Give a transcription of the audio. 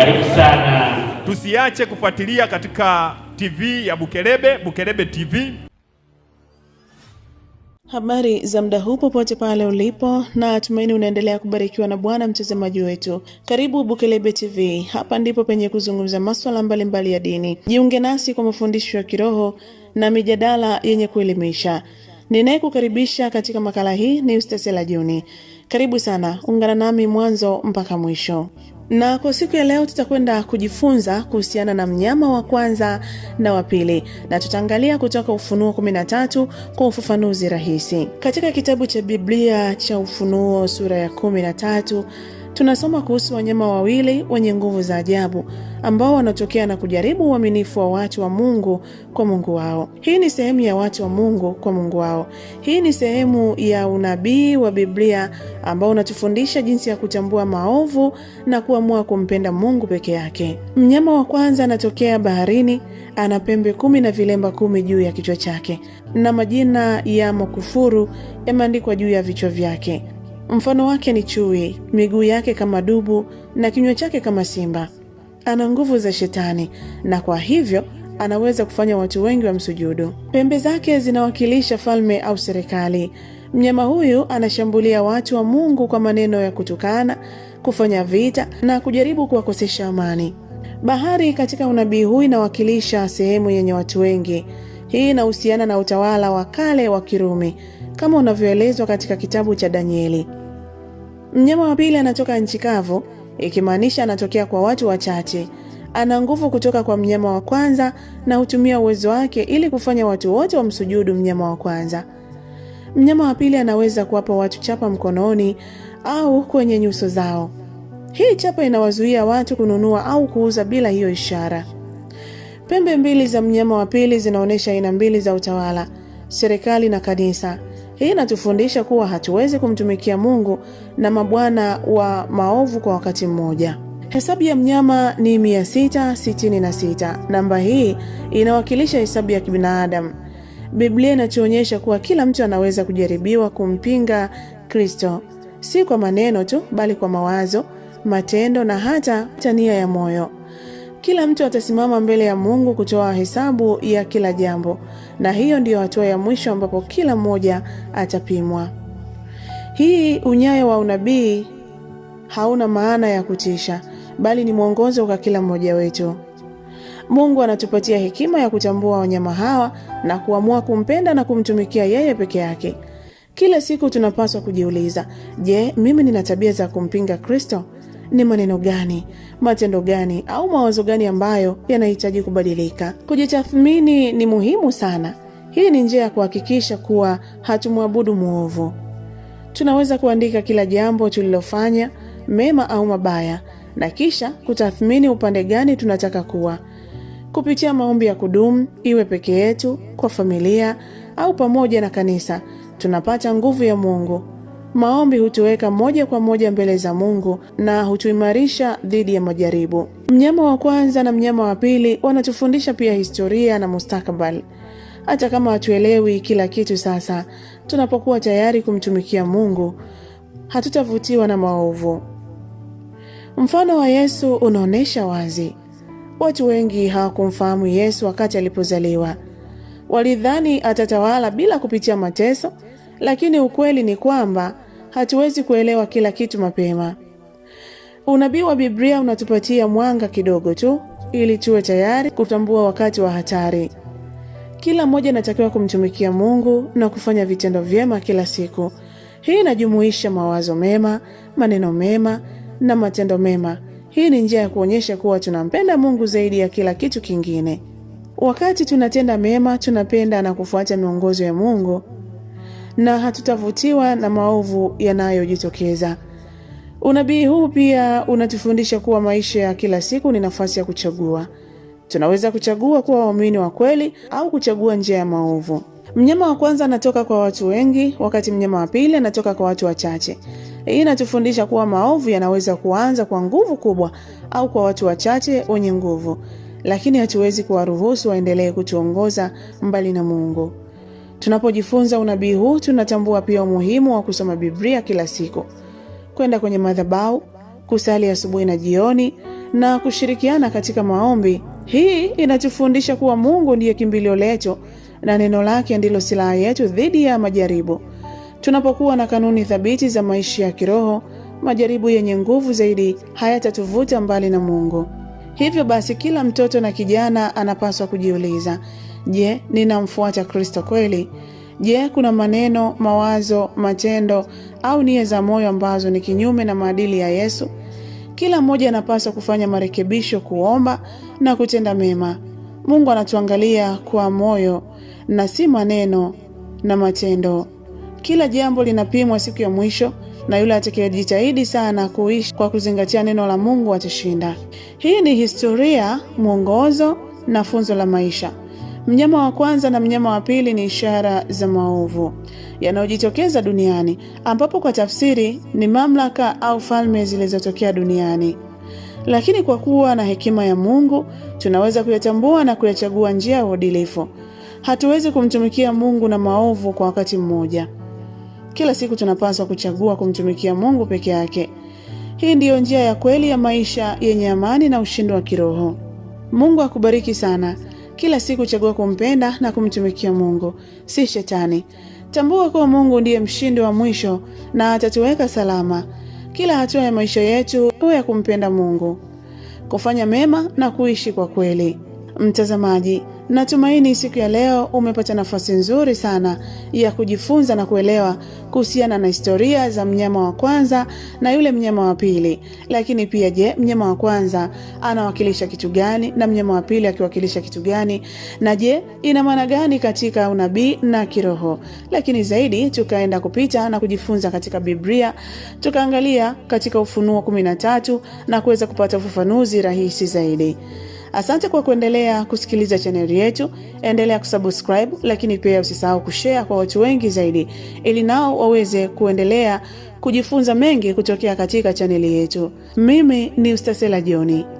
Karibu sana. Tusiache kufuatilia katika TV ya Bukelebe, Bukelebe TV. Habari za muda huu popote pale ulipo, na tumaini unaendelea kubarikiwa na Bwana mtazamaji wetu. Karibu Bukelebe TV, hapa ndipo penye kuzungumza masuala mbalimbali ya dini. Jiunge nasi kwa mafundisho ya kiroho na mijadala yenye kuelimisha. Ninayekukaribisha katika makala hii ni Yustasela Juni. Karibu sana, ungana nami mwanzo mpaka mwisho. Na kwa siku ya leo tutakwenda kujifunza kuhusiana na mnyama wa kwanza na wa pili, na tutaangalia kutoka Ufunuo 13 kwa ufafanuzi rahisi. Katika kitabu cha Biblia cha Ufunuo sura ya 13 tunasoma kuhusu wanyama wawili wenye nguvu za ajabu ambao wanatokea na kujaribu uaminifu wa watu wa Mungu kwa Mungu wao. Hii ni sehemu ya watu wa Mungu kwa Mungu wao. Hii ni sehemu ya unabii wa Biblia ambao unatufundisha jinsi ya kutambua maovu na kuamua kumpenda Mungu peke yake. Mnyama wa kwanza anatokea baharini, ana pembe kumi na vilemba kumi juu ya kichwa chake, na majina ya makufuru yameandikwa juu ya vichwa vyake. Mfano wake ni chui, miguu yake kama dubu na kinywa chake kama simba ana nguvu za Shetani na kwa hivyo anaweza kufanya watu wengi wamsujudu. Pembe zake zinawakilisha falme au serikali. Mnyama huyu anashambulia watu wa Mungu kwa maneno ya kutukana, kufanya vita na kujaribu kuwakosesha amani. Bahari katika unabii huu inawakilisha sehemu yenye watu wengi. Hii inahusiana na utawala wa kale wa Kirumi kama unavyoelezwa katika kitabu cha Danieli. Mnyama wa pili anatoka nchi kavu ikimaanisha anatokea kwa watu wachache. Ana nguvu kutoka kwa mnyama wa kwanza na hutumia uwezo wake ili kufanya watu wote wamsujudu mnyama wa kwanza. Mnyama wa pili anaweza kuwapa watu chapa mkononi au kwenye nyuso zao. Hii chapa inawazuia watu kununua au kuuza bila hiyo ishara. Pembe mbili za mnyama wa pili zinaonyesha aina mbili za utawala, serikali na kanisa. Hii inatufundisha kuwa hatuwezi kumtumikia Mungu na mabwana wa maovu kwa wakati mmoja. Hesabu ya mnyama ni 666. Namba hii inawakilisha hesabu ya kibinadamu. Biblia inatuonyesha kuwa kila mtu anaweza kujaribiwa kumpinga Kristo, si kwa maneno tu, bali kwa mawazo, matendo na hata tania ya moyo. Kila mtu atasimama mbele ya Mungu kutoa hesabu ya kila jambo, na hiyo ndiyo hatua ya mwisho ambapo kila mmoja atapimwa. Hii unyayo wa unabii hauna maana ya kutisha, bali ni mwongozo kwa kila mmoja wetu. Mungu anatupatia hekima ya kutambua wanyama hawa na kuamua kumpenda na kumtumikia yeye peke yake. Kila siku tunapaswa kujiuliza, je, mimi nina tabia za kumpinga Kristo? Ni maneno gani, matendo gani au mawazo gani ambayo yanahitaji kubadilika? Kujitathmini ni muhimu sana. Hii ni njia ya kuhakikisha kuwa hatumwabudu mwovu. Tunaweza kuandika kila jambo tulilofanya, mema au mabaya, na kisha kutathmini upande gani tunataka kuwa. Kupitia maombi ya kudumu, iwe peke yetu, kwa familia au pamoja na kanisa, tunapata nguvu ya Mungu. Maombi hutuweka moja kwa moja mbele za Mungu na hutuimarisha dhidi ya majaribu. Mnyama wa kwanza na mnyama wa pili wanatufundisha pia historia na mustakabali. Hata kama hatuelewi kila kitu sasa, tunapokuwa tayari kumtumikia Mungu, hatutavutiwa na maovu. Mfano wa Yesu unaonyesha wazi. Watu wengi hawakumfahamu Yesu wakati alipozaliwa. Walidhani atatawala bila kupitia mateso, lakini ukweli ni kwamba hatuwezi kuelewa kila kitu mapema. Unabii wa Biblia unatupatia mwanga kidogo tu ili tuwe tayari kutambua wakati wa hatari. Kila mmoja anatakiwa kumtumikia Mungu na kufanya vitendo vyema kila siku. Hii inajumuisha mawazo mema, maneno mema na matendo mema. Hii ni njia ya kuonyesha kuwa tunampenda Mungu zaidi ya kila kitu kingine. Wakati tunatenda mema, tunapenda na kufuata miongozo ya Mungu na hatutavutiwa na maovu yanayojitokeza. Unabii huu pia unatufundisha kuwa maisha ya kila siku ni nafasi ya kuchagua. Tunaweza kuchagua kuwa waumini wa kweli au kuchagua njia ya maovu. Mnyama wa kwanza anatoka kwa watu wengi, wakati mnyama wa pili anatoka kwa watu wachache. Hii inatufundisha kuwa maovu yanaweza kuanza kwa nguvu kubwa au kwa watu wachache wenye nguvu, lakini hatuwezi kuwaruhusu waendelee kutuongoza mbali na Mungu. Tunapojifunza unabii huu, tunatambua pia umuhimu wa kusoma Biblia kila siku, kwenda kwenye madhabahu, kusali asubuhi na jioni na kushirikiana katika maombi. Hii inatufundisha kuwa Mungu ndiye kimbilio letu na neno lake ndilo silaha yetu dhidi ya majaribu. Tunapokuwa na kanuni thabiti za maisha ya kiroho, majaribu yenye nguvu zaidi hayatatuvuta mbali na Mungu. Hivyo basi kila mtoto na kijana anapaswa kujiuliza, je, ninamfuata Kristo kweli? Je, kuna maneno, mawazo, matendo au nia za moyo ambazo ni kinyume na maadili ya Yesu? Kila mmoja anapaswa kufanya marekebisho, kuomba na kutenda mema. Mungu anatuangalia kwa moyo na si maneno na matendo. Kila jambo linapimwa siku ya mwisho na yule atakayejitahidi sana kuishi kwa kuzingatia neno la Mungu atashinda. Hii ni historia, mwongozo na funzo la maisha. Mnyama wa kwanza na mnyama wa pili ni ishara za maovu yanayojitokeza duniani, ambapo kwa tafsiri ni mamlaka au falme zilizotokea duniani. Lakini kwa kuwa na hekima ya Mungu tunaweza kuyatambua na kuyachagua njia ya uadilifu. Hatuwezi kumtumikia Mungu na maovu kwa wakati mmoja. Kila siku tunapaswa kuchagua kumtumikia Mungu peke yake. Hii ndiyo njia ya kweli ya maisha yenye amani na ushindi wa kiroho. Mungu akubariki sana. Kila siku chagua kumpenda na kumtumikia Mungu, si Shetani. Tambua kuwa Mungu ndiye mshindi wa mwisho na atatuweka salama. Kila hatua ya maisha yetu iwe ya kumpenda Mungu, kufanya mema na kuishi kwa kweli. Mtazamaji, Natumaini siku ya leo umepata nafasi nzuri sana ya kujifunza na kuelewa kuhusiana na historia za mnyama wa kwanza na yule mnyama wa pili. Lakini pia je, mnyama wa kwanza anawakilisha kitu gani na mnyama wa pili akiwakilisha kitu gani? Na je, ina maana gani katika unabii na kiroho? Lakini zaidi tukaenda kupita na kujifunza katika Biblia, tukaangalia katika Ufunuo 13 na kuweza kupata ufafanuzi rahisi zaidi. Asante kwa kuendelea kusikiliza chaneli yetu, endelea kusubscribe, lakini pia usisahau kushea kwa watu wengi zaidi, ili nao waweze kuendelea kujifunza mengi kutokea katika chaneli yetu. Mimi ni Ustasela Joni.